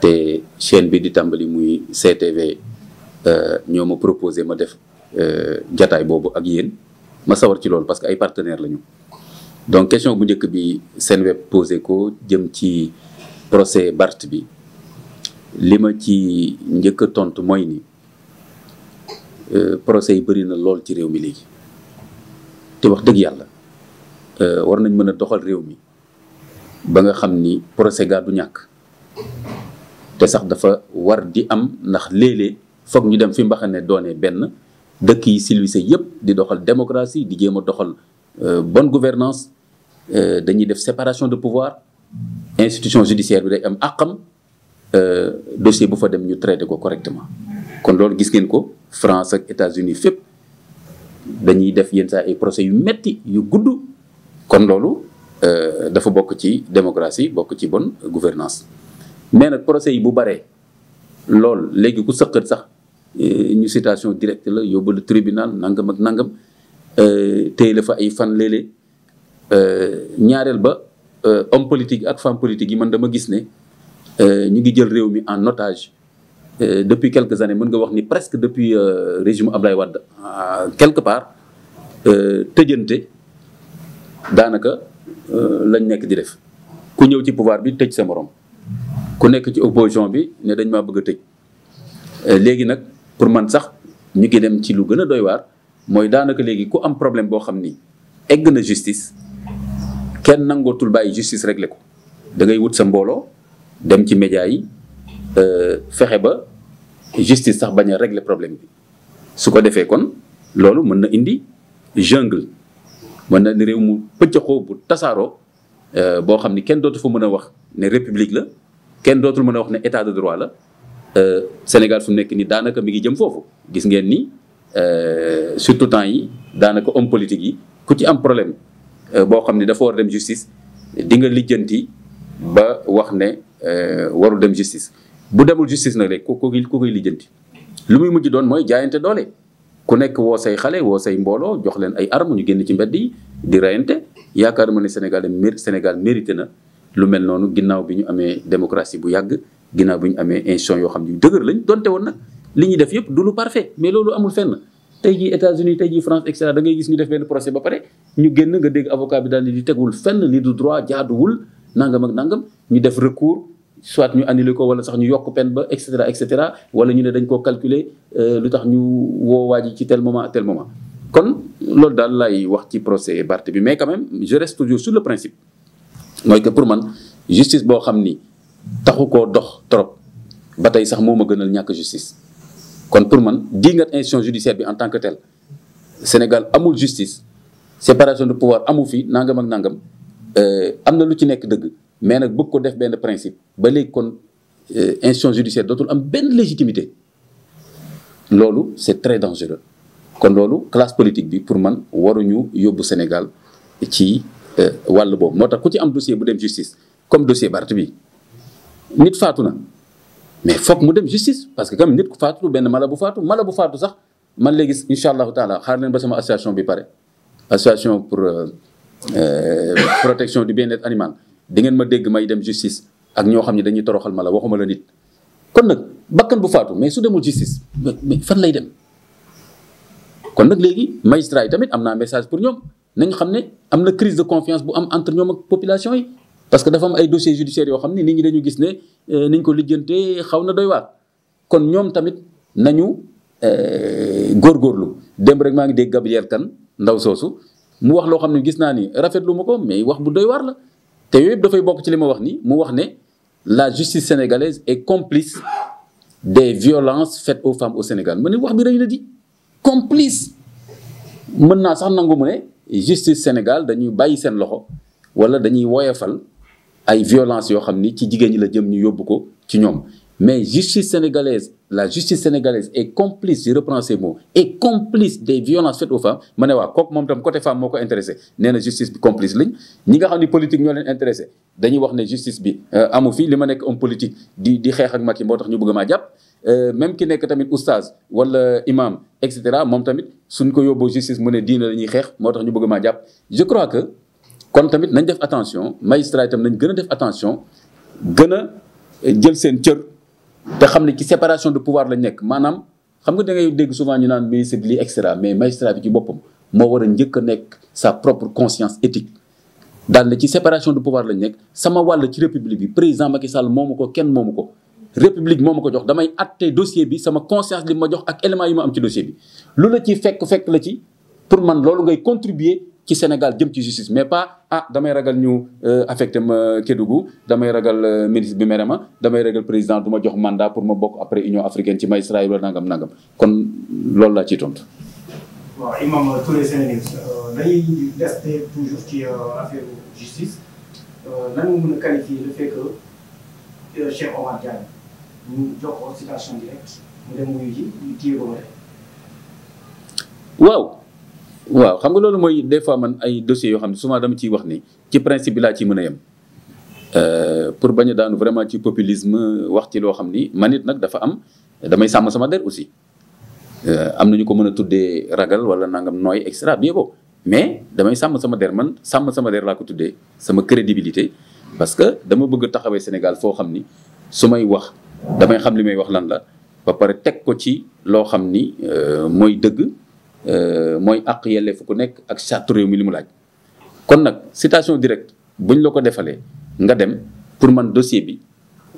te chaîne bi di tàmbali muy CTV euh, ñoo ma proposé ma def euh, jataay boobu ak yéen ma sawar ci loolu parce que ay partenaires lañu donc question bu njëkk bi Senweb posé ko jëm ci procès Bart bi li ma ci njëkk a tontu mooy ni euh, procès yi bëri na lool ci réew mi léegi te wax dëgg yàlla war nañ mën a doxal réew mi ba nga xam ni procès gaa du ñàkk te sax dafa war di am ndax léeg-léeg foog ñu dem fi mbaxane doone benn dëkk yi civilisé yépp di doxal démocratie di jéem a doxal euh, bonne gouvernance euh, dañuy def séparation de pouvoir institution judiciaire bi day am àqam euh, dossier bu fa dem ñu traité ko correctement kon loolu gis ngeen ko France ak États-Unis fépp dañuy def yenn saa ay procès yu metti yu gudd kon loolu dafa bokk ci démocratie bokk ci bonne gouvernance mais nag procès yi bu baree lool léegi ku sëqat sax euh, ñu citation directe la yóbbu la tribunal nangam ak nangam euh, téye la fa ay fan léeg-léeg euh, ñaareel ba homme politique ak femme politique yi man dama gis ne ñu ngi jël réew mi en otage depuis quelques années mën nga wax ni presque depuis régime Ablaye Wade quelque part tëjante daanaka lañ nekk di def ku ñëw ci pouvoir bi tëj sa morom. ku nekk ci opposition bi ne dañ ma bëgg a tëj euh, léegi nag pour man sax ñu ngi dem ci lu gën a doy waar mooy daanaka léegi ku am problème boo xam ni egg na justice kenn nangootul bàyyi justice réglé ko da ngay wut sa mbooloo dem ci média yi euh, fexe ba justice sax bañ a réglé problème bi su ko defee kon loolu mën na indi jungle mën na ni réew mu pëccaxoo bu tasaaroo Euh, boo xam ni kenn dootu fa mën a wax ne république la kenn dootul mën a wax ne état de droit la euh, Sénégal fu mu nekk nii daanaka mi ngi jëm foofu gis ngeen ni euh, surtout temps yi daanaka homme politique yi ku ci am problème boo xam ni dafa war dem justice di nga lijjanti ba wax ne warul dem justice bu demul justice nag rek ko ku koy lijjanti lu muy mujj doon mooy jaayante doole ku nekk woo say xale woo say mbooloo jox leen ay armes ñu génn ci mbedd yi di rayante yaakaar ma ne Sénégal Sénégal mérité na lu mel noonu ginnaaw bi ñu amee démocratie bu yàgg ginnaaw bi ñu amee institution yoo xam ne yu dëgër lañ donte woon nag li ñuy def yëpp du lu parfait mais loolu amul fenn tey jii États-Unis tey jii France et cetera da ngay gis ñu def benn procès ba pare ñu génn nga dégg avocat bi daal di tegul fenn lii du droit jaaduwul nangam ak nangam ñu def recours soit ñu annulé ko wala sax ñu yokk pen ba et cetera et cetera wala ñu ne dañ koo calculer euh, lu tax ñu woo waa ji ci tel moment tel kon loolu daal lay wax ci procès Barth bi mais quand même je reste toujours sur le principe mooy que pour man justice boo xam ni taxu ko dox trop ba tey sax moom ma gënal ñàkk justice. kon pour man di nga institution judiciaire bi en tant que telle Sénégal amul justice séparation de pouvoir amu fi nangam ak nangam euh, am na lu ci nekk dëgg mais nag bëgg ko def benn principe ba léegi kon euh, institution judiciaire dootul am benn légitimité loolu c'est très dangereux. kon loolu classe politique bi pour man waruñu yóbbu Sénégal ci euh, wàll boobu moo tax ku ci am dossier bu dem justice comme dossier Barth bi nit faatu na mais foog mu dem justice parce que quand même nit ku benn mala bu faatu mala bu faatu sax man léegi incha allahu taala xaar leen ba sama association bi pare association pour euh, euh, protection du bien-être di ngeen ma dégg may dem justice ak ñoo xam ne dañuy toroxal mala waxuma la nit kon nag bakkan bu faatu mais su demul justice fan lay dem kon nag léegi magistrat yi tamit am naa message pour ñoom nañ xam ne am na crise de confiance bu am entre ñoom ak population yi parce que dafa am ay dossiers judiciaires yoo xam ne nit ñi dañu gis ne euh, niñ ko lijjantee xaw na doy waa kon ñoom tamit nañu euh, góorgóorlu dem rek maa ngi dégg Gabriel Kane ndaw soosu mu wax loo xam ne gis naa ni rafetlu ma ko mais wax bu doy waar la te yooyu yëpp dafay bokk ci li ma wax nii mu wax ne la justice sénégalaise est complice des violences faites aux femmes au Sénégal ma ne wax bi na di complice mën naa sax nangu mu ne justice Sénégal dañuy bàyyi seen loxo wala dañuy woyefal ay violence yoo xam ni ci jigéen ñi la jëm ñu yóbbu ko ci ñoom mais justice sénégalaise la justice sénégalaise est complice je reprends ces mots est complice des violences faites aux femmes ma ne waa kooku moom tam côté femme moo ko intéressé nee na justice bi complice lañ ñi nga xam ni politique ñoo leen intéressé dañuy wax ne justice bi euh, amu fi li ma nekk homme politique di di xeex ak Macky moo tax ñu bëgg maa jàpp Euh, même ki nekk tamit oustaz wala imam et cetera moom tamit suñ ko yóbboo justice mu ne diine la ñuy xeex moo tax ñu bëgg maa jàpp je crois que kon tamit nañ def attention magistrat itam nañ gën a def attention gën a euh, jël seen cër te xam ne ci séparation de pouvoir lañ nekk maanaam xam nga da ngay dégg souvent ñu naan ministre bi lii et mais magistrat bi ci boppam moo war njëkk a nekk sa propre conscience éthique daal ne ci séparation de pouvoir lañ nekk sama wàll ci république bi président Macky Sall moomu ko kenn moomu ko république moo ma ko jox damay atte dossier bi sama conscience li ma jox ak éléments yi ma am ci dossier bi lu la ci fekk fekk la ci pour man loolu ngay contribuer ci Sénégal jëm ci justice mais pas ah damay ragal ñu euh, affecté ma Kédougou damay ragal euh, ministre bi mere ma damay ragal président du ma jox mandat pour ma bokk après Union africaine ci magistrat yi wala nangam nangam kon loolu laa ciy tontu. Euh, ñu waaw. waaw xam nga loolu mooy des fois man ay dossiers yoo xam ne souvent dama ciy wax ni ci principe bi laa ciy mën a yem euh, pour bañ a daanu vraiment ci populisme wax ci loo xam ni man it nag dafa am damay sàmm sama der aussi euh, am na ñu ko mën a tuddee ragal wala nangam nooy et cetera bien beau mais damay sàmm sama der man sàmm sama der laa ko tuddee sama crédibilité parce que dama bëgg taxawee Sénégal foo xam ni su may wax. damay xam li may wax lan la ba pare teg ko ci loo xam ni euh, mooy dëgg euh, mooy àq fu ku nekk ak charte réew mi li mu laaj. kon nag citation directe buñ la ko defalee nga dem pour man dossier bi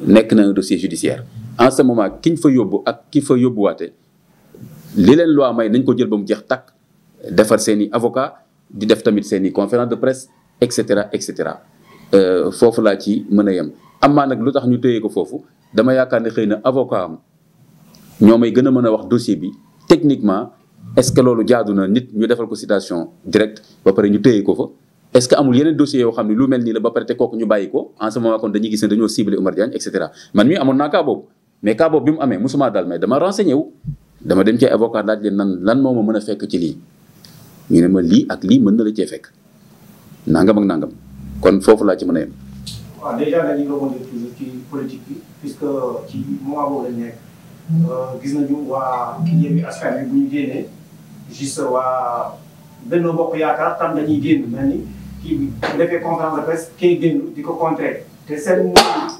nekk na dossier judiciaire en semoment moment ki ñu fa yóbbu ak ki fa yóbbuwaate li leen loi may nañ ko jël ba mu jeex takk defar seen i avocat di def tamit seen i conférence de presse et cetera et cetera euh, foofu laa ci mën a yem amaa nag lu tax ñu téye ko foofu dama yaakaar ne xëy na avocat am ñoo may gën a mën a wax dossier bi techniquement est-ce que loolu jaadu na nit ñu defal ko citation directe ba pare ñu téye ko fa. est-ce que amul yeneen dossiers yoo xam ne lu mel nii la ba pare te kooku ñu bàyyi ko en ce moment kon dañuy gis ne dañoo ciblé Oumar Diagne et cetera man mii amoon naa cas mais cas bi mu amee musuma daal mais dama renseigné wu dama dem ci avocat laaj leen nan lan moo ma mën a fekk ci lii ñu ne ma lii ak lii mën na la cee fekk nangam ak nangam kon foofu laa ci mën a puisque ci moment boobu nekk. Euh, gis nañu waa Yewwi Askan Wi bu ñu génnee juste waa Benno Bokk Yaakaar tam dañuy génn mel ni kii bi bu defee conférence de presse génn di ko contrer te seen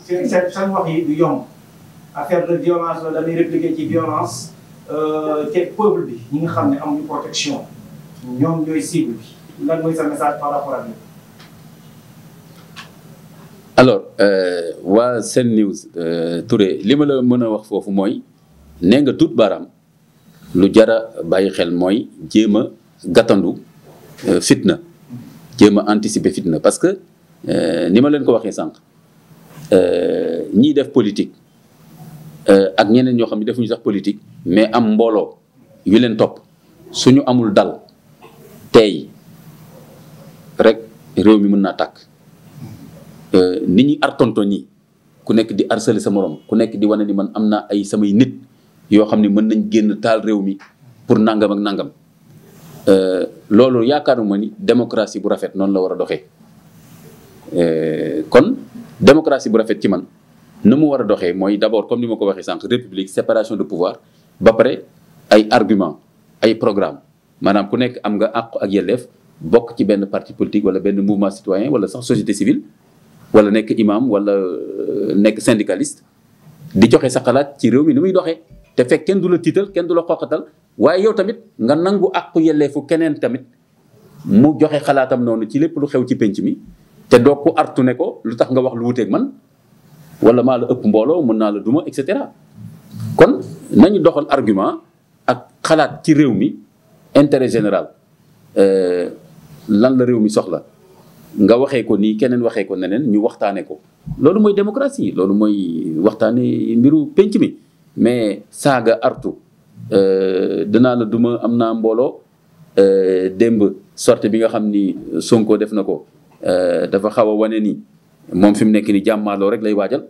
seen wax yi du yomb affaire de violence la dañuy répliquer ci violence euh, te peuple bi ñi nga xam ne amuñu protection ñoom ñooy cible bi lan mooy sa message par rapport ak alors euh, waa seen news euh, Touré li ma la mën a wax foofu mooy nee nga tuut baaraam lu jara bàyyi xel mooy jéem a gàttandu euh, fitna jéem a anticiper fitna parce que ni ma leen ko waxee sànq ñiy def politique ak ñeneen ñoo xam ne defuñu sax politique mais am mbooloo yu leen topp suñu amul dal tey rek réew mi mun naa takk Euh, ni ñuy ar tonto ku nekk di harceler sa morom ku nekk di wane ni man am na ay samay nit yoo xam ne mën nañ génn taal réew mi pour nangam ak nangam euh, loolu yaakaaruma ni démocratie bu rafet noonu la war a doxee euh, kon démocratie bu rafet ci man na mu war a doxe mooy d'abord comme ni ma ko waxee sànq république séparation de pouvoir ba pare ay argument ay programme maanaam ku nekk am nga àq ak yelleef bokk ci benn parti politique wala benn mouvement citoyen wala sax société civile wala nekk imam wala euh, nekk syndicaliste di joxe sa xalaat ci réew mi ni muy doxee te fekk kenn du la tiital kenn du la xoqatal waaye yow tamit nga nangu àqu fu keneen tamit mu joxe xalaatam noonu ci lépp lu xew ci pénc mi te doo ko artu ne ko lu tax nga wax lu wuteeg man wala maa la ëpp mbooloo mën naa la duma et cetera kon nañu doxal argument ak xalaat ci réew mi intérêt général euh, lan la réew mi soxla nga waxee ko nii keneen waxee ko neneen ñu waxtaanee ko loolu mooy démocratie loolu mooy waxtaane mbiru penc mi mais saaga artu euh, danaa la duma am na mbooloo euh, démb sorte bi nga xam ni Sonko def na ko euh, dafa xaw a wane ni moom fi mu nekk ni jàmmaarloo rek lay waajal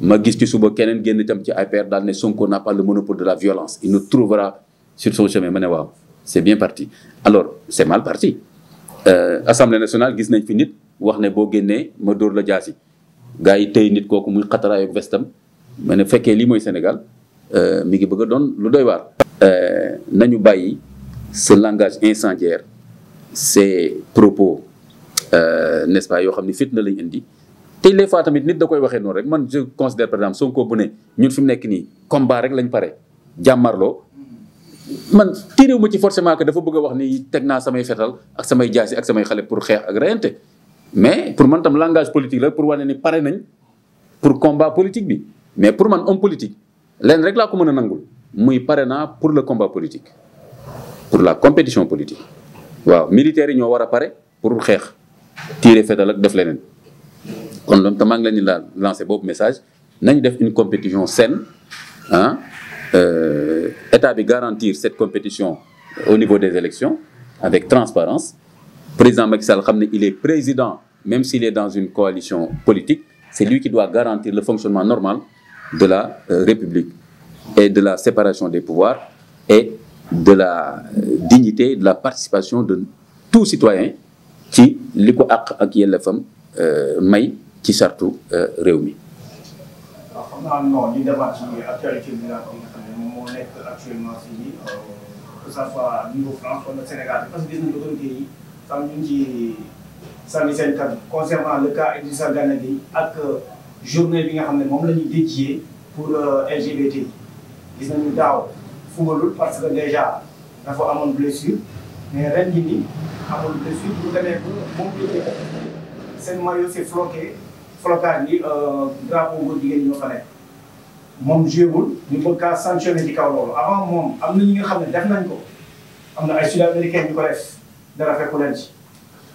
ma gis ci suba keneen génn itam ci APR daal ne Sonko n'a pas pour de la violence il nous trouvera sur son chemin ma ne waaw c'est bien parti alors c'est mal parti Euh, assemblée nationale gis nañ fi nit wax ne boo génnee ma dóor la jaasi gars yi tey nit kooku muy xataraayu ak vestam ma ne fekkee lii mooy Sénégal euh, mi ngi bëgg a doon lu doy waar. Euh, nañu bàyyi ce langage incendiaire ces propos euh, n'est-ce pas yoo xam ni fitna lañ indi te les fois tamit nit da koy waxee noonu rek man je considère par exemple Sonko bu ne ñun fi mu nekk nii combat rek lañ pare jàmmarloo. man téeréew ma ci forcément que dafa bëgg a wax ni teg naa samay fetal ak samay jaasi ak samay xale pour xeex ak reyante mais pour man tam langage politique la pour wane ni pare nañ pour combat politique bi mais pour man homme politique leen rek laa ko mën a nangul muy pare naa pour le combat politique pour la compétition politique waaw militaires yi ñoo war a pare pour xeex tiire fetal ak def leneen kon loolu maa ngi leen di lancé boobu message nañ def une compétition saine ah Euh, état bi garantir cette compétition au niveau des élections avec transparence président Macky Sall xam ne il est président même s'il est dans une coalition politique c'est lui qui doit garantir le fonctionnement normal de la euh, République et de la séparation des pouvoirs et de la euh, dignité de la participation de tout citoyen ci li ko àq ak yelleefam may ci sartu réew mi waaw xam naa non ñu débat ci actualité bi nga xam ne moom moo nekk actuellement fii que ça soit niveau France wala Sénégal parce que gis nañu autorité yi tam ñu ngi ci sànni seen kàddu concernant le cas Idrissa Gana Gueye ak journée bi nga xam ne moom la ñu dédié pour LGBT yi gis nañu daaw fubalul parce que déjà dafa amoon blessure mais ren jii nii amul blessure bu demee ba moom seen maillot s'est floqué flottage yi euh, drapeau góor jigéen ñi nga fa nekk moom jéewul ñu bëgg kaa sanctionné ci kaw loolu avant moom am na ñi nga xam ne def nañ ko am na ay sud américain dara fekku leen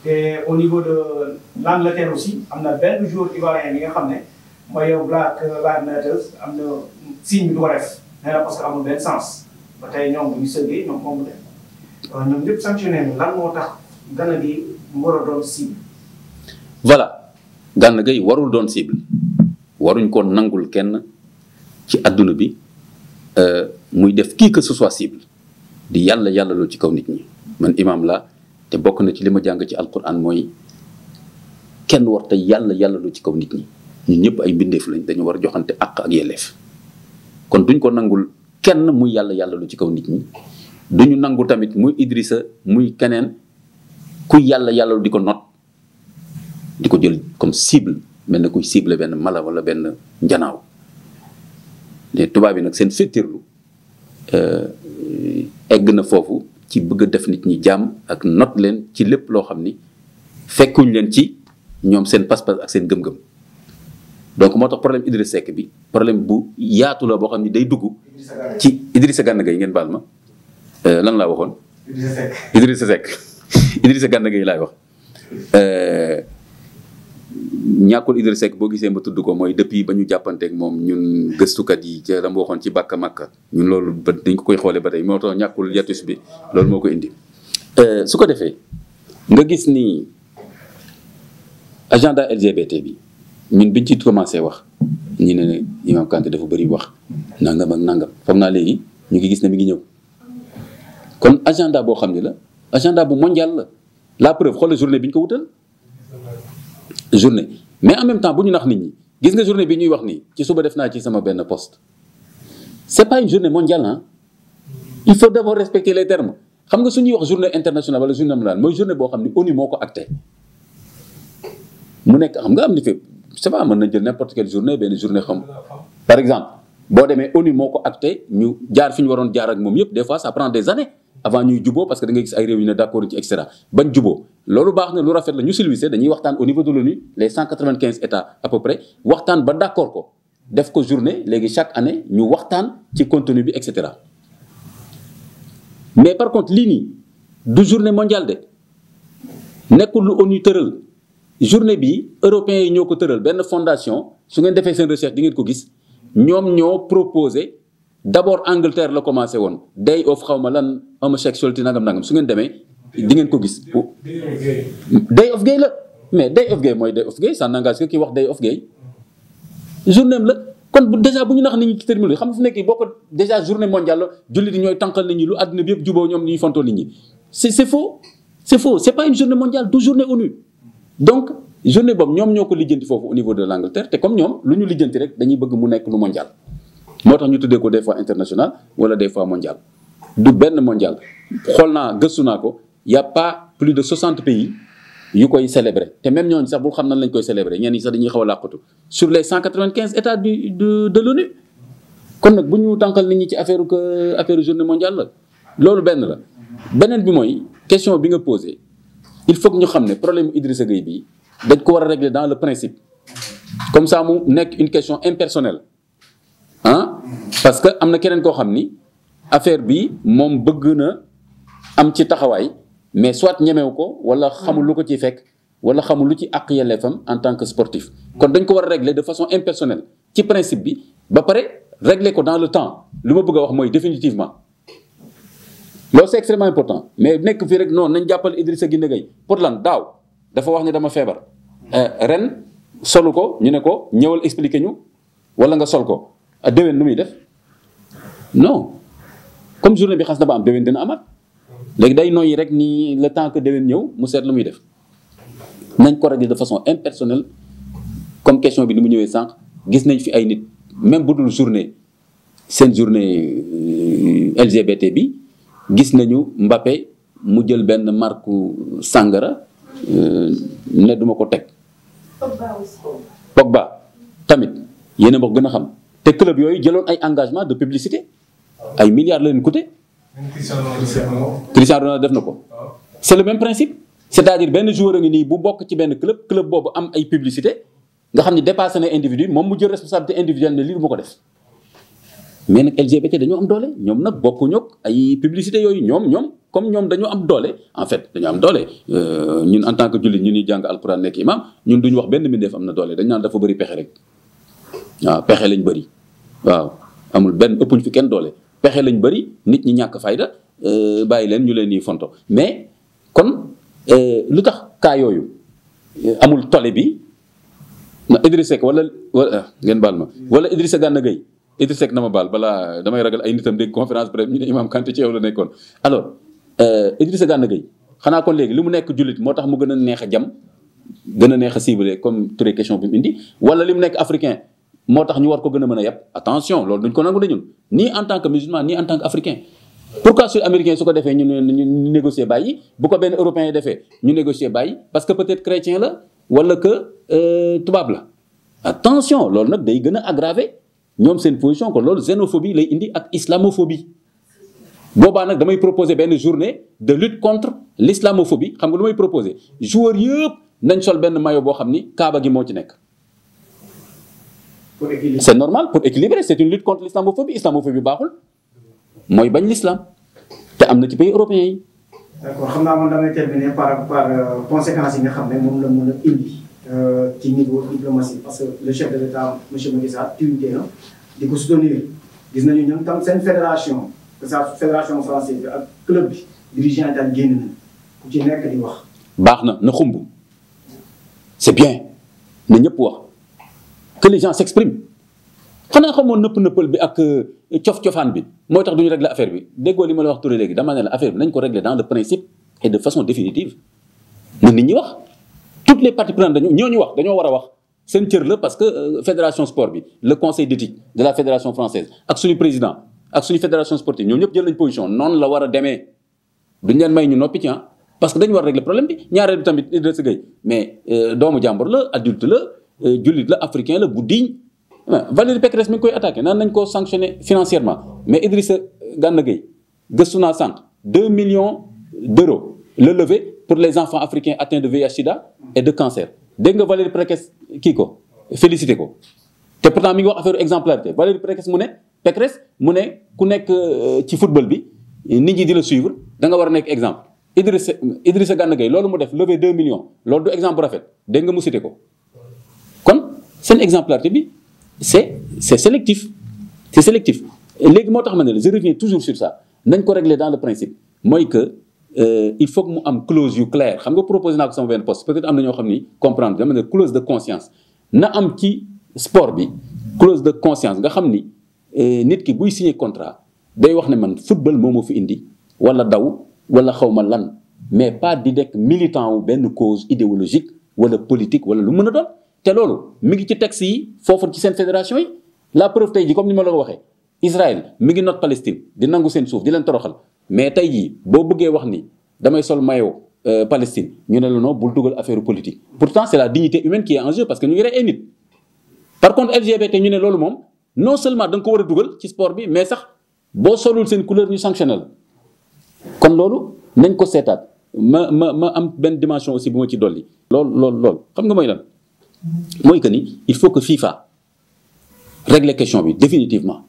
te au niveau de l'Angleterre aussi am na benn joueur ivoirien bi nga xam ne mooy yow Black Lives Matter am na signe bi parce que amul benn sens ba te ñoom bu ñu sëggee ñoom moom la ñoom ñëpp sanctionné lan moo tax gana gi mu voilà. Gana Gueye warul doon cible waruñ ko nangul kenn ci àdduna bi euh, muy def kii que ce soit cible di yàlla yàlla loolu ci kaw nit ñi man imaam la te bokk na ci lima jàng ci alquran mooy kenn war te yàlla yàlla loolu ci kaw nit ñi ñun ñëpp ay mbindeef lañ dañu war a joxante àq ak yelleef kon duñ ko nangul kenn mu yàlla yàlla lu ci kaw nit ñi duñu nangu tamit muy Idrissa muy keneen ku yàlla yàlla di ko not di ko jël comme cible mel na kuy cible benn mala wala benn njanaaw mais tubaab yi nag seen fettirlu euh, egg na foofu ci bëgg def nit ñi jàmm ak not leen ci lépp loo xam ni fekkuñ leen ci ñoom seen pas-pas ak seen gëm-gëm donc moo tax problème Idriss Seck bi problème bu yaatu la boo xam ni day dugg ci Idrissa Gana Gueye ngeen baal ma euh, lan laa waxoon Idrissa Seck Idrissa Seck Idrissa Gana Gueye laay wax euh, ñàkkul Idrissa Seck boo gisee ma tudd ko mooy depuis ba ñu jàppanteek moom ñun gëstukat yi ca la ma ci bàkka màkka ñun loolu ba dañ ko koy xoolee ba tey moo tax ñàkkul yatus bi loolu moo ko indi. Euh, su ko defee nga gis ni agenda LGBT bi ñun biñ ci commencé wax ñu ne Imam Kanté dafa bëri wax nangam ak nangam foog naa léegi ñu ngi gis ne mi ngi ñëw kon agenda boo xam ne la agenda bu mondial la la preuve xoolal journée bi ñu ko wutal. journée mais en même temps bu ñu nax ni ñi gis nga journée bi ñuy wax nii ci suba def naa ci sama benn poste c'est pas une journée mondiale ah il faut d'abord respecter les termes xam nga su ñuy wax journée internationale wala journée mondiale mooy journée boo xam ni ONU moo ko acté mu nekk xam nga am ni fépp c'est pas mën na jël n'importe quelle journée benn journée xam par exemple boo demee ONU moo ko acté ñu jaar fi ñu waroon jaar ak moom yëpp des des années avant ñuy jubo parce que da gis ay réew yu ne d'accord ci et cetera bañ juboo loolu baax na lu rafet la ñu civilisé dañuy waxtaan au niveau de l'ONU les 195 états à peu près waxtaan ba d'accord ko def ko journée léegi chaque année ñu waxtaan ci contenu bi et cetera mais par contre lii nii du journée mondial de nekkul lu ONU tëral journée bi européens yi ñoo ko tëral benn fondation su ngeen defee seen recherche di ngeen ko gis ñoom ñoo proposé d' abord Angleterre la commencé woon day of xaw ma lan homosexualité nangam nangam su ngeen demee dingeen ko gis. day of gay la mais day of gay mooy day of gay ça n'engage que ki wax day of gay journée la kon bu dèjà bu ñu nax nit ñi ci lu àdduna bi yëpp juboo ñoom ñuy fontoo nit ñi c' est c' est faux pas une journée mondiale du journée ONU donc journée boobu ñoom ñoo ko lijjanti foofu au niveau de l' Angleterre te comme ñoom lu ñu lijjanti rek dañuy bëgg mu nekk lu moo tax ñu tuddee ko des fois international wala des fois mondial du benn mondial xool naa gëstu naa ko y a pas plus de 60 pays yu koy célébrer te même ñooñu sax bul xam na lañ koy célébrer ñenn ñi sax dañuy xaw a làqatu sur les 195 états du de de l'ONU kon nag bu ñu tànkal ni ñi ci affaire que affaire journée mondiale la loolu benn la beneen bi mooy question bi nga posé il faut ñu xam ne problème Idrissa Gueye bi dañ ko war a régler dans le principe comme ça mu nekk une question impersonnelle parce que am na keneen koo xam ni affaire bi moom bëgg na am ci taxawaay mais soit ñemew ko wala xamul lu ko ciy fekk wala xamul lu ci àq yelleefam en tant que sportif. kon dañ ko war a régler de façon impersonnelle ci principe bi ba pare régler ko dans le temps lu ma bëgg a wax mooy définitivement. loolu c'est extrêmement important mais nekk fii rek noonu nañ jàppal sa Gana Gueye pour lan daaw dafa wax ni dama feebar euh, ren solu ko ñu ne ko ñëwal expliquer ñu wala nga sol ko euh, déwén lu muy def non comme journée bi xas na ba am déwén dina amaat léegi day noyyi rek nii le temps que déwén ñëw mu seet lu muy def nañ ko régler de façon impersonnelle comme question bi ni mu ñëwee sànq gis nañ fi ay nit même bu dul journée seen journée euh, LGBT bi gis nañu Mbappé mu jël benn marque sàngara euh, ne duma ko teg. ba tamit yeneen a gën a xam te club yooyu jëloon ay engagement de publicité. ay milliards la leen coûté. Cristiano Ronaldo def na ko. c'est le même principe. c'est-à-dire benn joueur a ngi nii bu bokk ci benn club club boobu am ay publicité nga xam ne dépassé na individu moom mu jël responsabilité individuelle ne lii du ma ko def. mais nag LGBT dañoo am doole ñoom nag bokkuñu ay publicité yooyu ñoom ñoom comme ñoom dañoo am doole en fait dañoo am doole euh, ñun en tant que jullit ñu ñuy jàng alquran nekk imam ñun duñu wax benn mbindeef am na doole dañ naan dafa bëri pexe rek waaw pexe lañ bëri waaw amul benn ëppuñ fi kenn doole. pexe lañu bari nit ñi ñàkk fayda euh, bàyyi leen ñu leen di fonto mais kon euh, lu tax cas yooyu euh, amul tole bi na Idrissa Seck wala ah, ngeen baal ma wala Idrissa Gana Gueye Idrissa Seck na ma baal balaa damay ragal ay nitam dégg conférence bref ñu ne Imam Kanté ci yow la nekkoon alors Idrissa Gana Gueye xanaa kon léegi li mu nekk jullit moo tax mu gën a neex a jam gën a neex a ciblé comme Touré question bi mu indi wala li mu nekk africain moo tax ñu war ko gën a mën a yàpp attention loolu duñ ko nangu de ñun nii en tant que musulman nii en tant que africain pourquoi sud américain su ko defee ñu ñu négocier bàyyi bu ko benn européen yi defee ñu négocier bàyyi parce que peut-être chrétien la wala que euh, tubaab la attention loolu nag day gën a aggraver ñoom seen position kon loolu xénophobie lay indi ak islamophobie boobaa nag damay proposer benn journée de lutte contre l'islamophobie xam nga lu may proposer joueur nañ sol benn maillot boo xam ni kaaba gi moo ci nekk c'est normal pour équilibrer c'est une lutte contre l'islamophobie islamophobie baaxul mooy bañ l'islam te am na ci pays européens yi d'accord xam naa moom damay terminer par par euh, conséquences yi nga xam ne moom la mën a indi euh, ci niveau diplomatie parce que le chef de l'État monsieur Macky Sall tuité na di ko soutenir gis nañu ñu tam seen fédération que ça fédération française bi ak club bi dirigeant daal génn ku ci nekk di wax baax na na xumb c'est bien na ñëpp wax que les gens s'expriment xanaa xamoon nëpp nëppal bi ak euh, cof-cofaan bi mooy tax du ñu régler affaire bi déggoo li ma la wax turé léegi dama ne la affaire bi nañ ko régler dans le principe et de façon définitive na nit ñi wax toutes les parties prenantes dañu ñoo ñu wax dañoo war a wax seen cër la parce que euh, fédération sport bi le conseil d'éthique de la fédération française ak suñu président ak suñu fédération sportive ñoom ñëpp jël nañ position noon la war a demee duñ leen may ñu noppi parce que dañu war a régler problème bi ñaareel bi tamit Idrissa Gueye mais euh, doomu jàmbur la Euh, jullit la africain la bu digne Valérie Pécresse mi ngi koy attaqué naan nañ koo sanctionné financièrement mais Idrissa Gana Gueye gëstu naa sànq deux millions d' la levé pour les enfants africains atteints de VIH sida et de cancer dégg nga Valérie Pécresse kii ko félicité ko te pourtant mi ngi wax affaire exemplarité Valérie Pécresse mu ne Pécresse mu ne ku nekk euh, ci football bi nit ñi di la suivre da nga war a nekk exemple Idrissa Idrissa Gana Gueye loolu mu def levé 2 millions loolu exemple rafet dégg nga mu ko kon seen exemplarité bi c' est c' est sélectif c' est sélectif léegi moo tax ma ne la je reviens toujours sur ça nañ ko régler dans le principe mooy que euh, il faut que mu am clause yu claire xam nga proposé naa ko sama benn poste peut être am na ñoo xam ni comprendre dama ne clause de conscience na am ci sport bi clause de conscience nga xam ni euh, nit ki buy signé contrat day wax ne man football moo moo fi indi wala daw wala xaw ma lan mais pas di nekk militant wu benn cause idéologique wala politique wala lu mën a doon te loolu mi ngi ci texte yi foofu ci seen fédération yi la preuve tey jii comme ni ma la ko waxee Israël mi ngi noot Palestine di nangu seen suuf di leen toroxal mais tey jii boo bëggee wax ni damay sol maillot euh, Palestine ñu ne la non bul dugal affaire politique pourtant c'est la dignité humaine qui est en jeu parce que ñu ngi rey ay nit par contre LGBT ñu ne loolu moom non seulement da nga ko war a dugal ci sport bi mais sax boo solul seen couleur ñu sanctionné la kon loolu nañ ko seetaat ma ma ma am benn dimension aussi bu ma ci dolli. lool lool lool xam nga mooy lan. mooy que ni il faut que FIFA régler question bi définitivement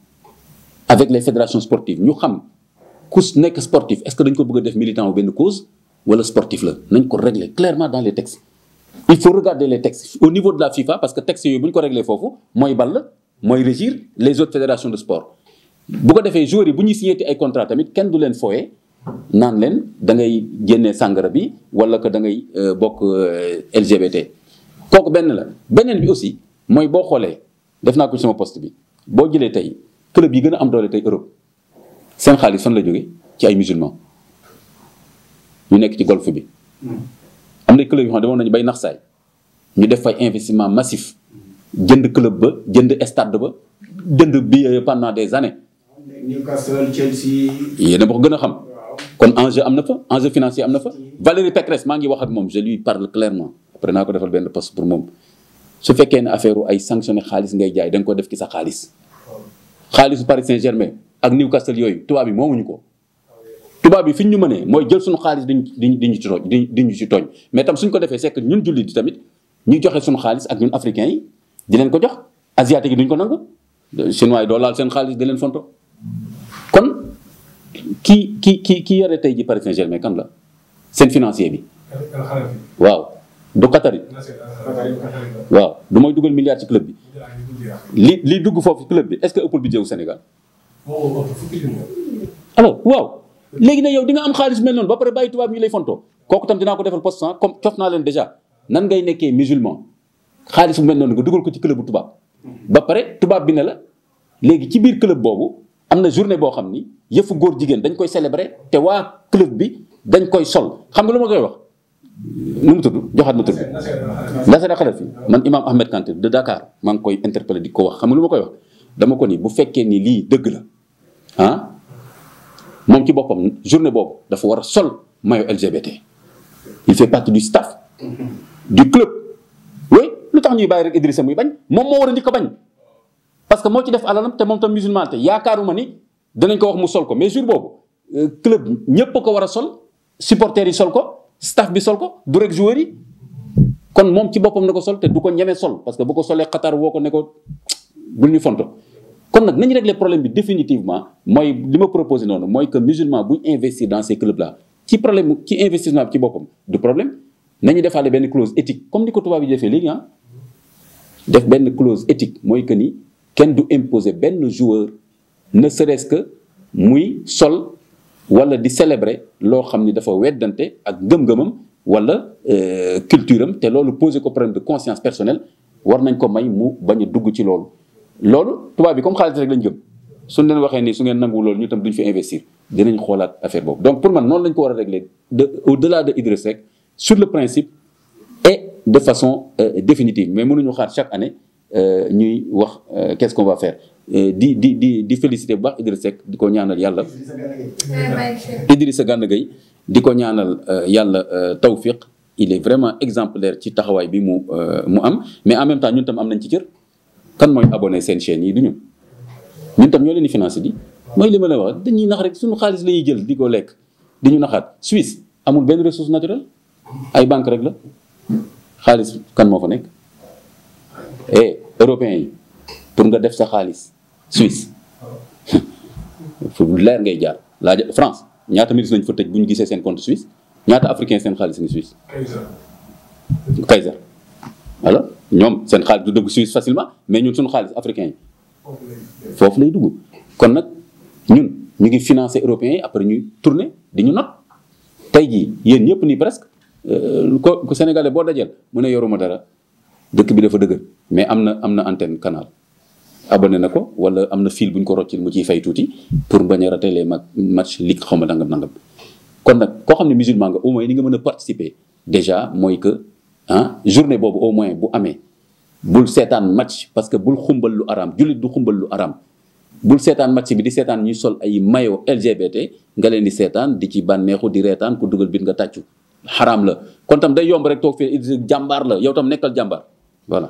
avec les fédérations sportives ñu xam ku nekk sportif est-ce que dañ ko bëgg a def militant wu benn cause wala sportif la nañ ko régler clairement dans les textes il faut regarder les textes au niveau de la FIFA parce que textes yooyu bu ñu ko régler foofu mooy la mooy régir les autres fédérations de sport bu ko defee joueurs yi bu ñuy signé ay contrat tamit kenn du leen fooyee naan leen da ngay génnee sàngara bi wala que da ngay euh, bokk euh, LGBT kooku benn la beneen bi aussi mooy boo xoolee def naa ko ci sama poste bi boo jëlee tey club yi gën a am doole tey Europe seen xaalis fan la jóge ci ay musulman ñu nekk ci golf bi. am na club yoo xam ne demoon nañu bay nax saay ñu def fay investissement massif jënd club ba jënd stade ba jënd bi pendant des années. Newcastle Chelsea. yéen a ma ko gën a xam. kon enjeu am na fa enjeu financier am na fa. Valérie Pécresse maa ngi wax ak moom je lui parle clairement. après naa ko defal benn poste pour moom su fekkee ne affaire ay sanctionné xaalis ngay jaay da ko def ci sa xaalis. xaalis Paris Saint-Germain ak Newcastle yooyu tubaab yi moomuñu ko. tubaab yi fi ñu mënee mooy jël suñu xaalis di ñu di ñu tooñ di ñu ci tooñ mais tam suñ ko defee sekk que ñun jullit di tamit ñu joxe suñu xaalis ak ñun africains yi di leen ko jox asiatique gi duñ ko nangu chinois yi doo laal seen xaalis di leen fonto kon kii kii kii kii yore tey ji Paris saint la seen financier bi du Qatari waaw du mooy dugal milliard ci club bi li li dugg foofu club bi est-ce que ëppul budget wu Sénégal alors waaw léegi nag yow di nga am xaalis mel noonu ba pare bàyyi tubaab ñu lay fontoo kooku tam dinaa ko defal poste sans comme cof naa leen déjà nan ngay nekkee musulman xaalis bu mel noonu nga dugal ko ci club bu tubaab ba pare tubaab bi ne la léegi ci biir club boobu am na journée boo xam ni yëfu góor jigéen dañ koy célébrer te waa club bi dañ koy sol xam nga lu ma koy wax nu mu tudd joxaat ma tudd Ndaseena Xalafi man Imam Ahmed Kanté de Dakar maa ngi koy interpellé di ko wax xam nga lu ma koy wax dama ko ni bu fekkee nii lii dëgg la ah moom ci boppam journée boobu dafa war a sol maillot LGBT il fait partie du staff du club oui lu tax ñuy bàyyi rek Idrissa muy bañ moom moo war a njëkk ko bañ parce que moo ci def alalam te moom tam musulman te yaakaaruma ni danañ ko wax mu sol ko mais jour boobu euh, club ñëpp ko war a sol supporters yi sol ko. staff bi sol ko du rek joueur yi kon moom ci boppam na ko sol te du ko ñemee sol parce que bu ko solee xatar woo ko ne ko bul ñu fonto kon nag na nañu régler problème bi définitivement mooy li ma proposé noonu mooy que musulman buñ investir dans ces clubs là ci problème ci investissement bi ci boppam du problème nañu defaale benn clause éthique comme ni ko tubaab yi defee léegi ah def benn clause éthique mooy que ni kenn du imposer benn joueur ne serait-ce muy sol wala di célébrer loo xam ni dafa weddante ak ngëm-ngëmam wala euh, culture am te loolu pose ko problème de conscience personnel war nañ ko may mu bañ dugg ci loolu. loolu tubaab bi comme xaalis rek lañ gëm suñ leen waxee nii su ngeen nangu loolu ñu tam duñ fi investir dinañ xoolaat affaire boobu donc pour man noonu lañ ko war a régler de au delà de Idriss rek sur le principe et de façon euh, définitive mais mënuñu xaat chaque année euh, ñuy wax qu'est-ce qu'on Eh, di di di di félicité bu baax Idrissa Seck di ko ñaanal yàlla sa gànn Gueye di ko ñaanal eh, yàlla eh, tawfiq il est vraiment exemplaire ci taxawaay bi mu mu am mais en même temps ñun tam am nañ ci cër kan mooy abonné seen chaîne yi du ñun ñun tam ñoo leen di financé di mooy li ma la wax dañuy nax rek suñu xaalis la ñuy jël di ko lekk di ñu naxaat Suisse amul benn ressource naturelle ay banque rek la xaalis kan moo fa nekk eh européens yi pour nga def sa xaalis Suisse fu leer ngay jaar laaj France ñaata ministre nañ fa tëj bu ñu gisee seen compte Suisse ñaata africain seen xaalis ngi Suisse. Kaiser alors ñoom seen xaalis du dugg Suisse facilement mais ñun suñu xaalis africain yi foofu lay dugg kon nag ñun ñu ngi financé européens yi après ñu tourné di ñu not tey ji yéen ñëpp nii presque ko euh, ko sénégalais boo dajeel mu ne yoruma dara dëkk bi dafa dëgër mais am na am na antenne canal abonné na ko wala am na fil bu ñu ko roccil mu ciy fay tuuti pour bañ a rater les match ligue xaw ma nangam nangam kon nag koo xam ne musulman nga au moins ni nga mën a participer déjà mooy que ah journée boobu au moins bu amee bul seetaan match parce que bul xumbal lu araam jullit du xumbal lu araam bul seetaan match bi di seetaan ñuy sol ay mayo LGBT nga leen di seetaan di ci bànneexu di reetaan ku dugal bit nga tàccu xaraam la kon tam day yomb rek toog jàmbaar la yow tam nekkal jàmbaar voilà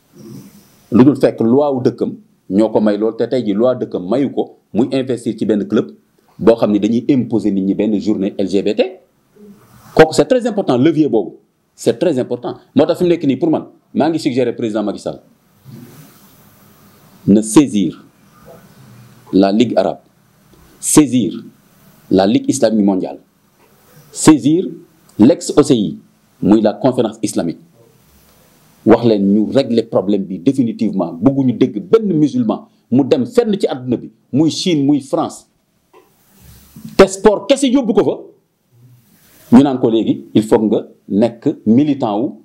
lu dul fekk loi wu dëkkam ñoo ko may lool te tey ji loi dëkkam mayu ko muy investir ci benn club boo xam ne dañuy imposer nit ñi benn journée LGBT kooku c'est très important levier boobu c'est très important moo tax fi mu nekk nii pour man maa ngi suggérer président Macky Sall na saisir la Ligue arabe saisir la Ligue islamique mondiale saisir l'ex-OCI muy la conférence islamique wax leen ñu régler problème bi définitivement ñu dégg benn musulman mu dem fenn ci àdduna bi muy Chine muy France te sport kese yóbbu ko fa ñu naan ko léegi il faut nga nekk militant wu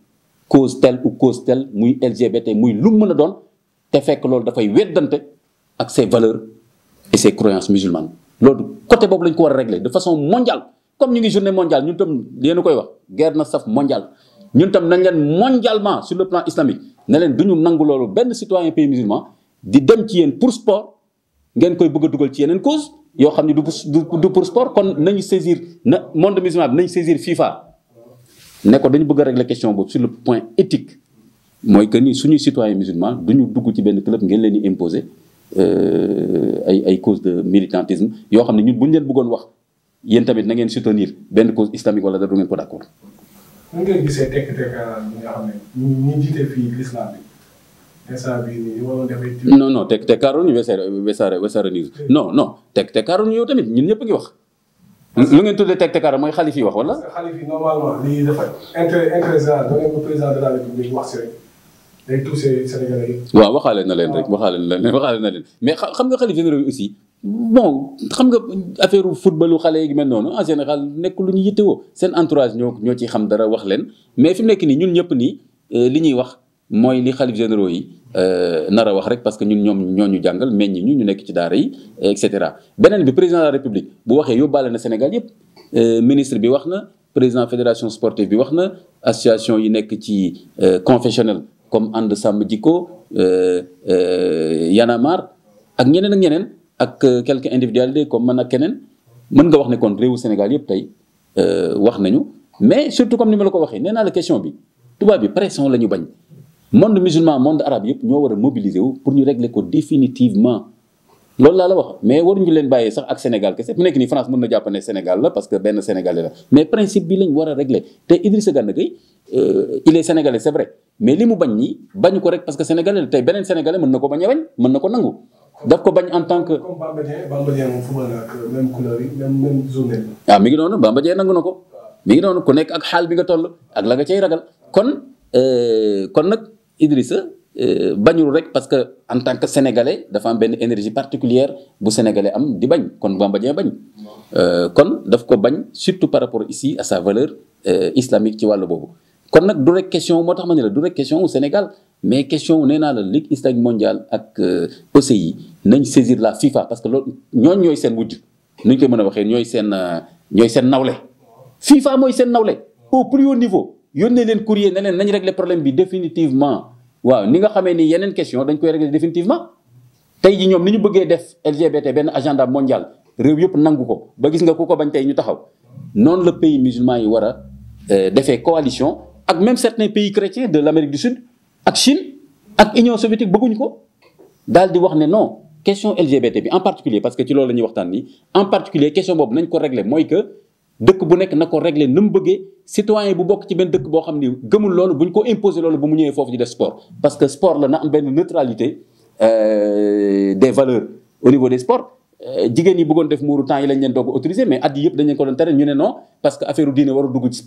cause telle ou cause telle muy LGBT muy lu mën a doon te fekk loolu dafay weddante ak ses valeurs et ses croyances musulmanes loolu côté boobu lañ ko war a régler de façon mondiale comme ñu ngi journée mondiale ñu tam yéen a koy wax guerre na saf mondiale ñun tam nañ leen mondialement sur le plan islamique ne leen du ñu nangu loolu benn citoyen pays musulman di dem ci yéen pour sport ngeen koy bëgg dugal ci yeneen cause yoo xam ne du du pour sport kon nañu saisir na monde musulman bi nañu saisir FIFA ne ko dañu bëgg a régler question boobu sur le point éthique mooy que ni suñuy citoyen musulman du ñu dugg ci benn club ngeen leen di imposer euh, ay ay cause de militantisme yoo xam ne ñu bu ñu leen bëggoon wax yéen tamit na ngeen benn cause islamique wala da du ngeen ko d'accord nan ngay gisee tekk-tekkaaral bi nga xam ne ñi jiite fii l'islam bi instant bii non non tekk-tekkaaruñu wesaare yow tamit ñun ñëpp ngi wax. lu ngeen tuddee tekk-tekkaaral mooy xalif yi wax wala. la république wax si rek day touché Sénégalais yi. waaw waxaale na leen rek waxaale na leen na leen mais xam nga xalif généraux yi aussi. bon xam nga affaire footballu xale yi mel noonu en général nekk lu ñu yittewoo seen entourage ñoo ñoo ciy xam dara wax leen mais fi mu nekk nii ñun ñëpp nii euh, li ñuy wax mooy li xalif généraux yi euh, nar a wax rek parce que ñun ñoom ñoo ñu jàngal meññ ñu ñu nekk ci daara yi et cetera. beneen bi président de la république bu waxee yóbbaale na Sénégal yëpp euh, ministre bi wax na président fédération sportive bi wax na association yi nekk ci confessionnel comme ànd sàmm jikko yanamar ak ñeneen ak ñeneen. ak euh, quelques individualités comme man ak keneen mën nga wax ne kon réewu Sénégal yëpp tey euh, wax nañu mais surtout comme ni ma la ko waxee nee naa la question bi tubaab bi pression la bañ monde musulman monde arabe yëpp ñoo war a wu pour ñu régler ko définitivement. loolu laa la wax mais waruñu leen bàyyee sax ak Sénégal kese fu nekk nii France mën na jàpp ne Sénégal la parce que benn Sénégalais la mais principe bi lañ war a régler te Idrissa Gana euh, mais li mu bañ nii bañu ko rek parce que sénégalais la tey beneen sénégalais mën na ko bañ a bañ na ko nangu. daf ko bañ en tant que. comme waaw ah, mi ngi noonu Bamba Dieng nangu na ko. mi ngi noonu ku nekk ak xaal bi nga toll ak la nga cay ragal kon euh, kon nag Idrissa euh, bañul rek parce que en tant que sénégalais dafa am benn énergie particulière bu sénégalais am di bañ kon Bamba Dieng bañ. Euh, kon daf ko bañ surtout par rapport ici à sa valeur islamique ci wàllu boobu. kon nag du rek question moo tax ma ne la du rek question au Sénégal mais question nee naa la ligue islamique mondiale ak OCI euh, nañ saisir la FIFA parce que loolu ñooñ ñooy seen wujj nuñ koy mën a waxee ñooy seen euh, ñooy seen nawle FIFA mooy seen nawle au plus haut niveau yónnee leen courrier ne leen nañ régler problème bi définitivement waaw ni nga xamee ni yeneen question dañ koy régler définitivement tey ji ñoom ni ñu bëggee def LGBT benn agenda mondial réew yëpp nangu ko ba gis nga ku ko bañ tey ñu taxaw noonu la pays musulman yi war a euh, defee coalition ak même certains pays chrétiens ak Chine ak Union soviétique bëgguñ ko daal di wax ne non question LGBT bi en particulier parce que ci loolu la ñuy waxtaan nii en particulier question boobu nañ ko régler mooy que dëkk bu nekk na ko régler na mu bëggee citoyen bu bokk ci benn dëkk boo xam ni gëmul loolu buñ ko imposer loolu bu mu ñëwee foofu di def sport parce que sport la na am benn neutralité euh, des valeurs au niveau des sports euh, jigéen yi bëggoon def muuru temps yi lañ leen doog autorisé mais yëpp dañ ko doon tere ñu ne non parce que affaire u diine warul dugg ci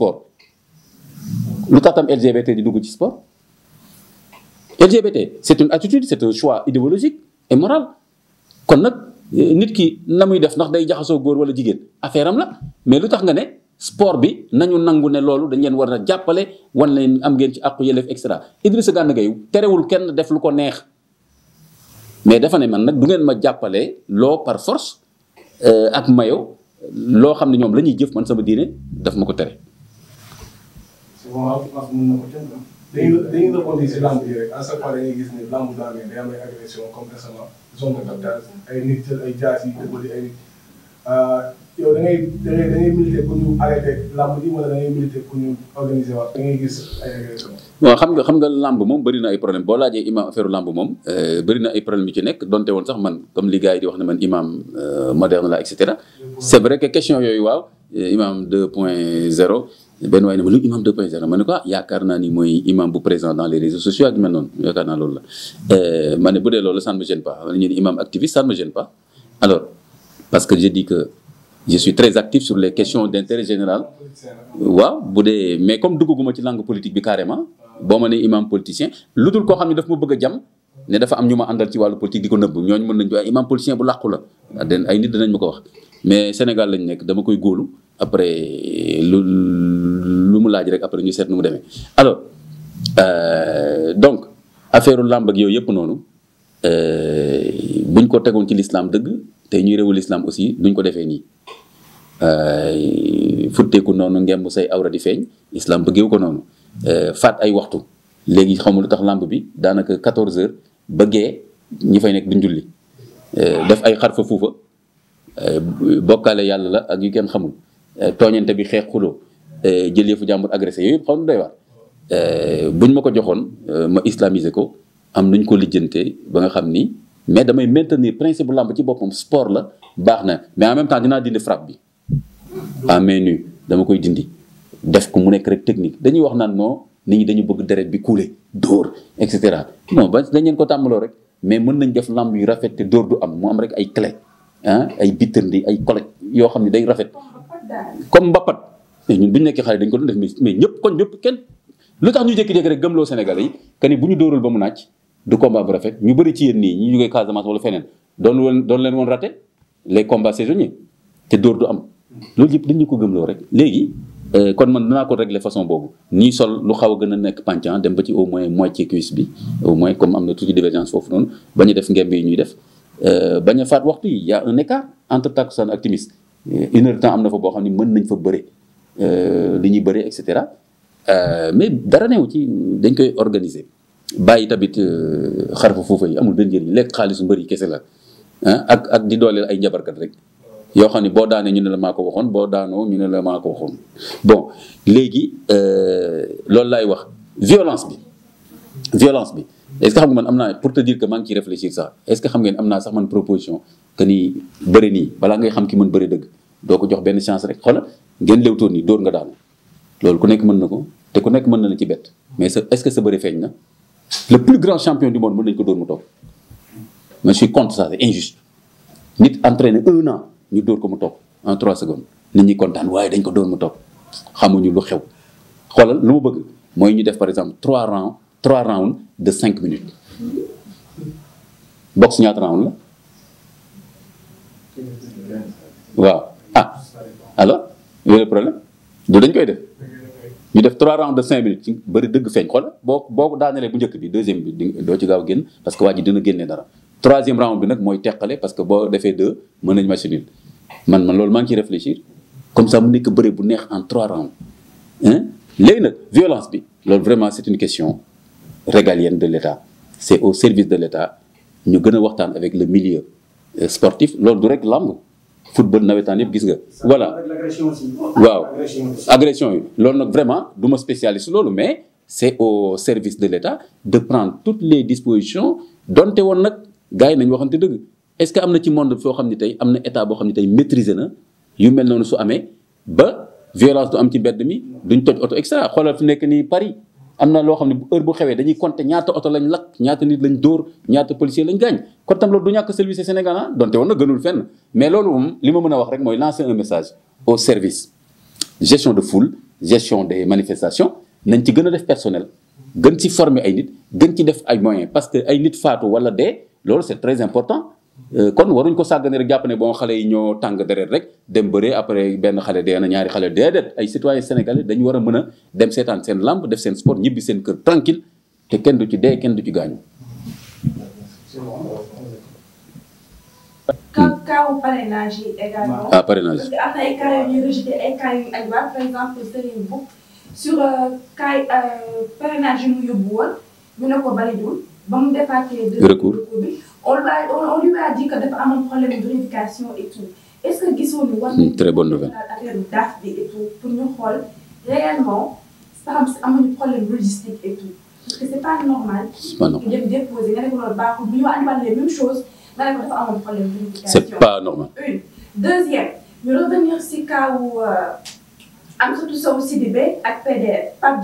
lu tax tam LGBT dugg ci sport LGBT c'est une attitude c'est un choix idéologique et moral kon nag euh, nit ki na muy def ndax day jaxasoo góor wala jigéen affaire am la mais lu tax nga ne sport bi nañu nangu ne loolu dañ leen war a jàppale wan leen am ngeen ci àqu yelleef et cetera Idrissa Gana Gueye terewul kenn def lu ko neex mais dafa ne man nag du ngeen ma jàppale loo par force euh, ak mayo loo xam ne ñoom lañuy ñuy jëf man sama diine daf ma ko tere. dañuy dañuy rebondir si gis waaw xam nga xam nga lamb moom bëri na ay problème boo laajee imam affaire lamb moom euh, bëri na ay problème yu ci nekk donte woon sax man comme ligaay gars di wax ne man imam euh, moderne la et cetera. c'est vrai que question yooyu waaw euh, imam 2 point 0. benn waaye ne ma lu imam de président ma ne ko ah yaakaar naa ni mooy imam bu présent dans les réseaux sociaux ak mel noonu yaakaar naa loolu la euh, ma ne bu dee loolu ça ne me gêne pas ñu ne imam pas alors parce que je dis que je suis très actif sur les questions d'intérêt général waaw bu dee mais comme duggaguma ci langue politique bi carrément boo ma ne imam politicien lu dul koo xam ne daf ma bëgg a jam ne dafa am ñu ma àndal ci wàllu mën nañu ay bu làqu la ah, ay nit dinañ ma mais Sénégal lañ nekk dama koy góolu après lu lu mu laaj rek après ñu seet nu mu demee alors euh, donc affaire làmb ak yooyu yëpp noonu euh, buñ ko tegoon ci l'islam dëgg te ñuy réewu l'islam aussi duñ ko defee nii euh, futteeku noonu ngemb say awra di feeñ islam bëggeewu ko noonu euh, faat ay waxtu léegi xaw lu tax làmb bi daanaka 14 heures bëggee ñi fay nekk duñ julli def ay xarfa fuufa Euh, bokkaale yàlla la ak yu kenn xamul euh, tooñante bi xeex xuloo euh, jël yëfu jàmbur agressé yooyu yëpp xam doy bu buñ ma ko joxoon ma islamiser ko am nuñ ko lijjante ba nga xam ni mais damay maintenir principe bu làmb ci boppam sport la baax na mais en même temps dinaa dindi frappe bi à main nue dama koy dindi def ko mu nekk rek technique dañuy wax naan non nit ñi dañu bëgg deret bi couler dóor et cetera non ba dañ leen ko tàmmaloo rek mais mën nañ def làmb yu rafet te du am mu am rek ay clé ah ay bittandi ay collecte yoo xam ne day rafet comme mbappat mais ñun bu ñu nekkee xale dañ ko doon def mais ñëpp kon ñëpp kenn lu tax ñu jékki-jékki rek gëmloo Sénégalais yi que ni bu ñu dóorul ba mu nàcc du combat bu rafet ñu bëri ci yéen nii ñu jógee Casamance wala feneen doon woon doon leen woon raté les combats saisonniers te dóor du am loolu yëpp dañu ko gëmloo rek léegi euh, kon man dinaa ko régler façon boobu nii sol lu xaw a gën a nekk pancan dem ba ci au moins ci cuisse bi au moins comme am na tuuti divergence foofu noonu bañu def ngemb yi ñuy def Euh, bañ a faat waxtu yi y' a un écart entre takkusaan ak timis euh, une heure temps am na fa boo xam ne mën nañ fa bëre euh, li ñuy bëre et cetera mais dara neew ci dañ koy organiser bàyyi tamit xarfa foofa yi amul benn njëriñ lekk xaalisu mbër yi kese la ak ak di dooleel ay njabarkat rek yoo xam ne boo daanee ñu ne la maa ko waxoon boo daanoo ñu ne la maa ko waxoon bon léegi loolu laay wax violence bi. violence bi est-ce que xam nga man am naa pour te dire que ngi ciy réfléchir sax est-ce que xam ngeen am naa sax man proposition que ni bëri nii balaa ngay xam ki man bëri dëgg doo ko jox benn chance rek xoolal ngeen léewtoon nii dóor nga daanu loolu ku nekk mën na ko te ku nekk mën na la ci bett mais sa est-ce que sa bëri feeñ na le plus grand champion du monde mën nañu ko dóor mu toog mais je suis contre ça c'est injuste nit entraîné un an ñu dóor ko mu toog en trois secondes nit ñi kontaan waaye dañ ko dóor mu toog xamuñu lu xew xoolal lu mu mooy ñu def par exemple trois rangs trois rounds de cinq minutes boxe ñaata round la waaw ah alors yooyu le problème du dañ koy def ñu def trois rounds de cinq minutes ci bëri dëgg feeñ xool boo boo daanelee bu njëkk bi deuxième bi doo ci gaaw génn parce que waa ji dina génnee dara troisième round bi nag mooy teqale parce que boo defee deux mën nañ machine yi man man loolu maa ngi ciy réfléchir comme sax mu nekk bëri bu neex en trois rounds léegi nag violence bi loolu vraiment c'est une question régalienne de l'État c'est au service de l'État ñu gën a waxtaan avec le milieu euh, sportif loolu du rek lamb football nawetaan yëpp gis nga. voilà waaw agression yi loolu nag vraiment du ma spécialiste loolu mais c'est au service de l'État de prendre toutes les dispositions donte woon nag gaa yi nañ nañu waxante dëgg est-ce que am na ci monde foo xam ne tey am na état boo xam ne tey maîtriser na yu mel noonu su amee ba violence du am ci mbedd mi duñ toj oto am na loo xam ne bu heure bu xewee dañuy compter ñaata oto lañ lakk ñaata nit lañ dóor ñaata policier lañ gaañ kon tam loolu du ñàkk service Sénégal ah donte woon na gënul fenn mais loolu moom li ma mën a wax rek mooy lancer un message au service gestion de foule gestion des manifestations nañ ci gën a def personnel gën ci former ay nit gën ci def ay moyens parce que ay nit faatu wala dee loolu c'est très important Euh, kon waruñ ko sàggane rek jàpp ne bon xale yi ñoo tàng deret rek dem bëree après benn xale dee na ñaari xale déedéet ay citoyens sénégalais dañu war a mën a dem seetaan seen lamb def seen sport ñibbi seen kër tranquille te kenn du ci dee kenn ci gaañu. kaw ah, euh, euh, mu yóbbu woon ñu ne ko ba mu départir de recours bi on lui a on lui a dit que dafa problème de et tout est ce que gisoon ni war hmm, nañu très bonne nouvelle affaire bi daaf bi et tout pour ñu xool réellement saxam si amuñu problème logistique et tout parce que c' pas normal. pas normal dem ne ko loolu baaxul bu ñu andiwaat les mêmes choses nga ne ko dafa amoon problème de vérification. ñu revenir si kaw euh, Amsatou Sow Sidibé ak PDR Pape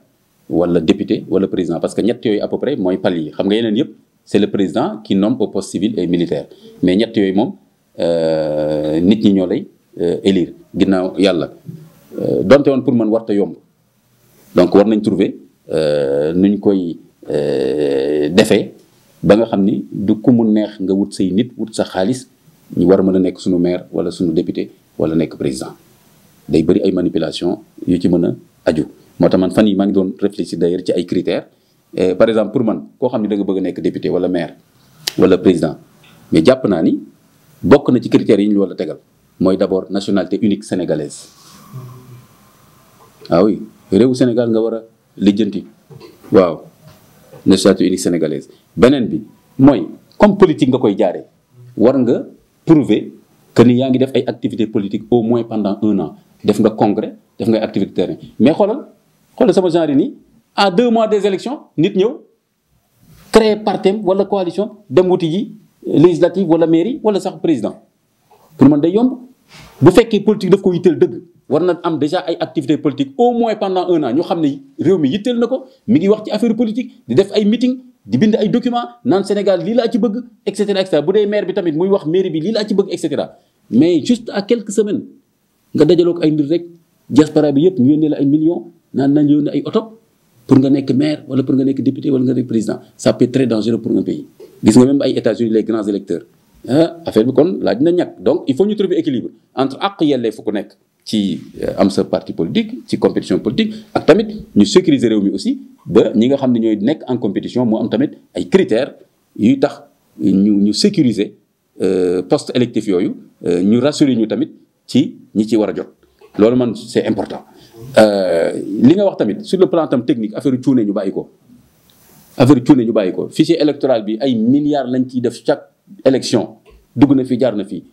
wala député wala président parce que ñett yooyu à peu mooy pal yi xam nga yeneen yëpp c'est le président qui nomme au poste civil et militaire mais ñett yooyu moom euh, nit ñi ñoo lay euh, élire ginnaaw yàlla euh, donte woon pour man warta yomb donc war nañ trouver nu ñu koy defee ba nga xam ni du ku mun neex nga wut say nit wut sa xaalis ñu war a mën a nekk suñu maire wala suñu député wala nekk président day bëri ay manipulation yu ci mën a aju moo tax man fan yi maa ngi doon réfléchir d'ailleurs ci ay critères par exemple pour man koo xam ne da nga bëgg a nekk député wala maire wala président mais jàpp naa ni bokk na ci critères yi ñu war a tegal mooy d'abord nationalité unique sénégalaise ah oui réewu Sénégal nga war a lijjanti waaw nationalité unique sénégalaise beneen bi mooy comme politique nga koy jaaree war nga prouver que ni yaa ngi def ay activité politiques au moins pendant un an def nga congrès def nga activité xoolal sama genre nii en deux mois des élections nit ñëw créer partem wala coalition dem wuti ji législative wala mairie wala sax président pour man day yomb bu fekkee politique daf ko yitteel dëgg war na am déjà ay activité politiques au moins pendant un an ñu xam ne réew mi yitteel na ko mi ngi wax ci affaire politique di def ay meeting di bind ay documents naan Sénégal lii laa ci bëgg et cetera et bu dee maire bi tamit muy wax mairie bi lii laa ci bëgg et mais juste à quelques semaines nga dajaloo ko ay mbir rek diaspora bi yëpp ñu yónnee la ay millions. naan nañ yónni ay oto pour nga nekk maire wala pour nga nekk député wala nga nekk président ça peut être très dangereux pour un pays gis nga même ay États-Unis les grands électeurs ah affaire bi kon laaj na ñàkk donc il faut ñu trouver équilibre entre ak yellee fu ku nekk ci euh, am sa parti politique ci compétition politique ak tamit ñu sécuriser réew mi aussi ba ñi nga xam ne ñooy nekk en compétition moo am tamit ay critères yuy tax ñu ñu sécuriser euh, poste électif yooyu euh, ñu rassurer ñu tamit ci ñi ci war a jot loolu man c'est important Euh, li nga wax tamit sur le plan tam technique affaire cuune ñu bàyyi ko affaire cuune ñu bàyyi ko fichier électoral bi ay milliards lañ ciy def chaque élection dugg na fi jaar na fi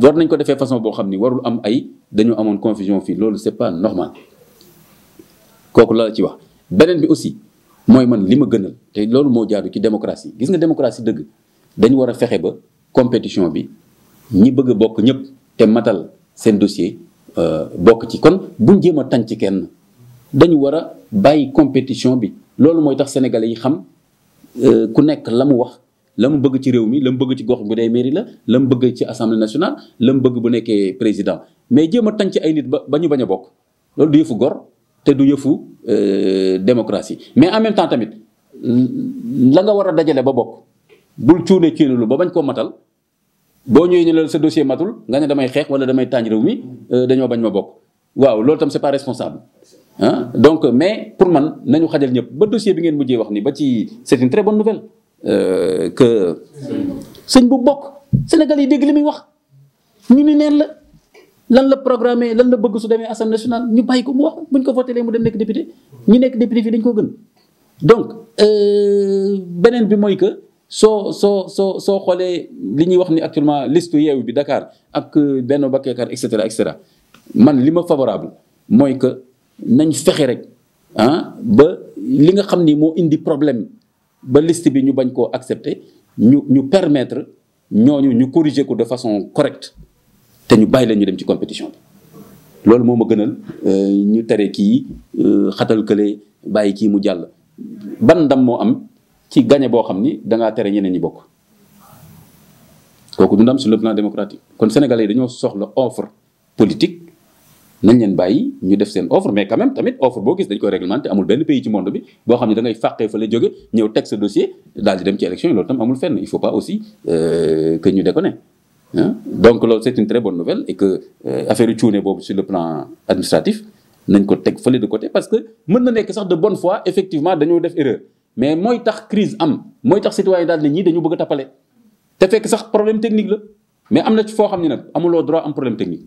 war nañ ko defee façon boo xam ni warul am ay dañoo amoon confusion fii loolu c'est pas normal kooku la la ci wax. beneen bi aussi mooy man li ma gënal te loolu moo jaaru ci démocratie gis nga démocratie dëgg dañu war a fexe ba compétition bi ñi bëgg a bokk ñëpp te matal seen dossier. Euh, bokk ci kon buñ jéem a tànc kenn dañu war a bàyyi compétition bi loolu mooy tax sénégalais yi xam euh, ku nekk la mu wax la mu bëgg ci réew mi la mu bëgg ci gox bu dee mairie la la mu bëgg ci assemblée nationale la mu bëgg bu nekkee président mais jéem a tànc ay nit ba ba ñu bañ a bokk loolu du yëfu gor te du yëfu euh, démocratie mais en même temps tamit la nga war dajale ba bokk bul cuune cuune lu ba bañ koo matal boo ñëwee ñu la sa dossier matul nga ne damay xeex wala damay tànj réew mi euh, dañoo bañ ma bokk waaw loolu tam c'est pas responsable ah donc mais pour man nañu xajal ñëpp ba dossier bi ngeen mujjee wax ni ba ci c'est une très bonne nouvelle euh, que sëñ bu bokk Sénégal yi dégg li muy wax ñu ni neen la lan la programme lan la bëgg su demee assemblée nationale ñu bàyyi ko mu wax buñ ko voté lee mu dem nekk député ñu nekk député fii dañ ko gën donc euh, beneen bi mooy que soo soo soo soo xoolee li ñuy wax ni actuellement liste yeewu bi dakaar ak euh, benn Bokk Yaakaar et cetera et man li ma favorable mooy que nañ fexe rek ah ba li nga xam ni moo indi problème ba liste bi ñu bañ koo accepter ñu ñu permettre ñooñu ñu corriger ko de façon correcte te ñu bàyyi leen ñu dem ci compétition bi. loolu moo ma gënal euh, ñu tere kii euh, xatal kële bàyyi kii mu jàll ban ndam moo am. ci gañe boo xam ni da ngaa tere ñeneen ñi bokk kooku du ndam sur le plan démocratique kon sénégalais yi dañoo soxla offre politique nañ leen bàyyi ñu def seen offre mais quand même tamit offre boo gis dañ koy réglementé amul benn pays ci monde bi boo xam ne da ngay fàqee fa la jóge ñëw teg sa dossier daal dem ci élection yi loolu tam amul fenn il faut pas aussi euh, que ñu déconne donc loolu c'est une très bonne nouvelle et que euh, affaire yu cuune boobu sur le plan administratif nañ ko teg fële de côté parce que mën na nekk sax de bonne foi effectivement dañoo def erreur mais mooy tax crise am mooy tax citoyen daal ne ñii dañu bëgg a te fekk sax problème technique la mais am na ci foo xam ne nag amuloo droit am problème technique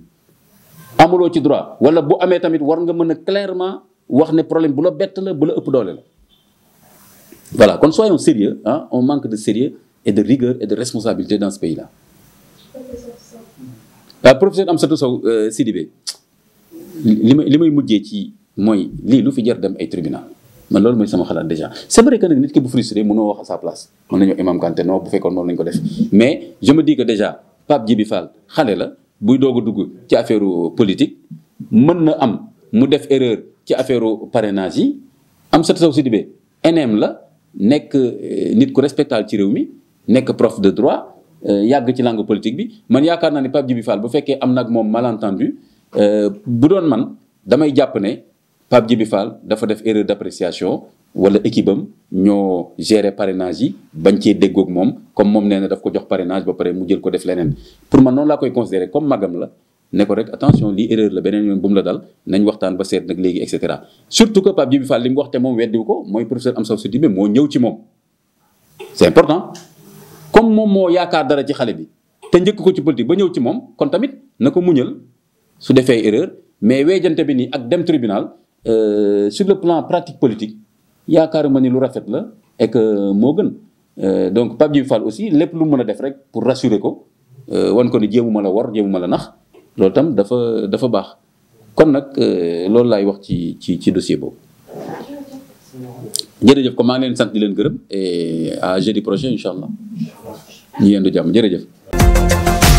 amuloo ci droit wala bu amee tamit war nga mën a clairement wax ne problème bu la bett la bu la ëpp doole la voilà kon soyons sérieux ah on manque de sérieux et de rigueur et de responsabilité dans ce pays là waaw professeur Amsatou Sow euh, Sidibé li may li may mujjee ci mooy lii lu fi jar dem ay tribunal man loolu mooy sama xalaat déjà c'est vrai que nag nit ki bu frustré mënoo wax à sa place mën nañu imam Kanté non bu ko def mais je me dis xale la buy doog a dugg ci affaire politique mën na am mu def erreur ci affaire parrainage yi am sa taw si dibee la nekk euh, nit ku respectable ci réew mi nekk prof de droit euh, yàgg ci langue politique bi man yaakaar naa ne Pape Djibi Fall bu fekkee am nag moom malentendu euh, bu doon man damay jàpp ne Pape Djibi faal dafa def erreur d'appréciation wala équipe ñoo gérer parenage yi bañ cee déggoog moom comme moom nee na daf ko jox parrainage ba pare mu jël ko def leneen pour man noonu laa koy considérer comme magam la ne ko rek attention lii erreur la beneen yoon bu la dal nañ waxtaan ba seet nag léegi et cetera surtout que Pape Djibi Fall li mu waxte te moom weddiwu ko mooy professeur Amsatou Sidibé moo ñëw ci moom c'est important comme moom moo yaakaar dara ci xale bi te njëkk ko ci politique ba ñëw ci moom kon tamit na ko muñal su defee erreur mais weejante bi nii ak dem Euh, sur le plan pratique politique ma ni lu rafet la et que moo gën euh, donc Pape Djibril Fall aussi lépp lu mën a def rek pour rassurer ko euh, wan ko ni jéemuma la wor jéemuma la nax loolu tam dafa dafa baax kon nag loolu laay wax ci ci ci dossier boobu. jërëjëf ko maa ngi leen sant di leen gërëm et à jeudi projet incha allah ñu yendu jàmm jërëjëf.